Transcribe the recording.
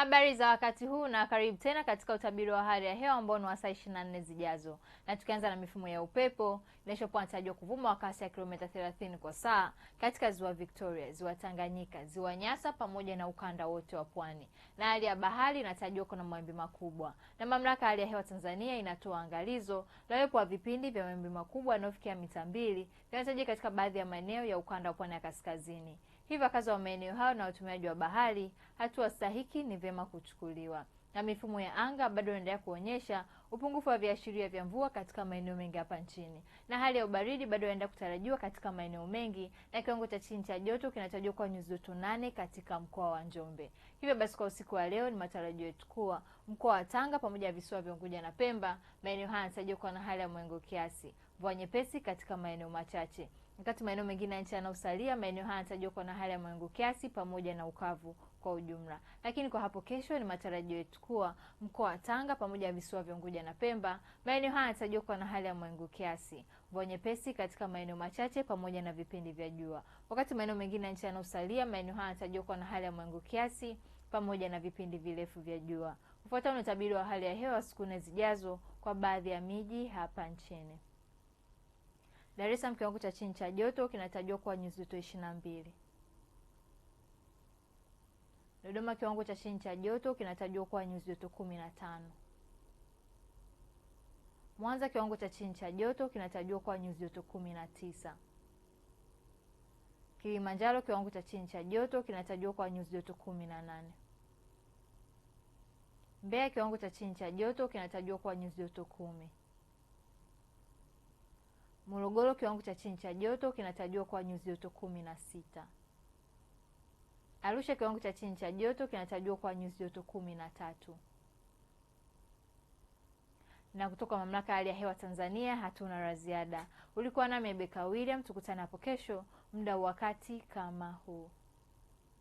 Habari za wakati huu na karibu tena katika utabiri wa hali ya hewa ambao ni wa saa 24 zijazo. Na tukianza na mifumo ya upepo, inachokuwa inatarajiwa kuvuma wa kasi ya kilomita 30 kwa saa katika ziwa Victoria, ziwa Tanganyika, ziwa Nyasa pamoja na ukanda wote wa pwani. Na hali ya bahari inatarajiwa kuna mawimbi makubwa. Na mamlaka ya hali ya hewa Tanzania inatoa angalizo la uwepo wa vipindi vya mawimbi makubwa yanayofikia mita mbili vinatarajiwa katika baadhi ya maeneo ya ukanda wa pwani ya kaskazini. Hivyo wakazi wa maeneo hayo na watumiaji wa bahari, hatua stahiki ni vyema kuchukuliwa. Na mifumo ya anga bado inaendelea kuonyesha upungufu wa viashiria vya mvua katika maeneo mengi hapa nchini, na hali ya ubaridi bado inaendelea kutarajiwa katika maeneo mengi, na kiwango cha chini cha joto kinatarajiwa kuwa nyuzi joto nane katika mkoa wa Njombe. Hivyo basi, kwa usiku wa leo, ni matarajio yetu kuwa mkoa wa Tanga pamoja na visiwa vya Unguja na Pemba, maeneo haya yanatarajiwa kuwa na hali ya mwengo kiasi, mvua nyepesi katika maeneo machache Wakati maeneo mengine ya nchi yanayosalia, maeneo haya yanatarajiwa kuwa na hali ya mawingu kiasi pamoja na ukavu kwa ujumla. Lakini kwa hapo kesho, ni matarajio yetu kuwa mkoa wa Tanga pamoja na visiwa vya Unguja na Pemba, maeneo haya yanatarajiwa kuwa na hali ya mawingu kiasi, mvua nyepesi katika maeneo machache pamoja na vipindi vya jua. Wakati maeneo mengine ya nchi yanayosalia, maeneo haya yanatarajiwa kuwa na hali ya mawingu kiasi pamoja na vipindi virefu vya jua. Ufuatao ni utabiri wa hali ya hewa siku nne zijazo kwa baadhi ya miji hapa nchini. Dar es Salaam kiwango cha chini cha joto kinatajwa kuwa nyuzi joto ishirini na mbili. Dodoma kiwango cha chini cha joto kinatajwa kuwa nyuzi joto kumi na tano. Mwanza kiwango cha chini cha joto kinatajwa kuwa nyuzi joto kumi na tisa. Kilimanjaro kiwango cha chini cha joto kinatajwa kuwa nyuzi joto kumi na nane. Mbeya kiwango cha chini cha joto kinatajwa kuwa nyuzi joto kumi. Morogoro kiwango cha chini cha joto kinatajwa kuwa nyuzi joto kumi na sita. Arusha kiwango cha chini cha joto kinatajwa kuwa nyuzi joto kumi na tatu. Na kutoka Mamlaka ya Hali ya Hewa Tanzania hatuna la ziada. Ulikuwa nami Rebecca William, tukutane hapo kesho muda wakati kama huu.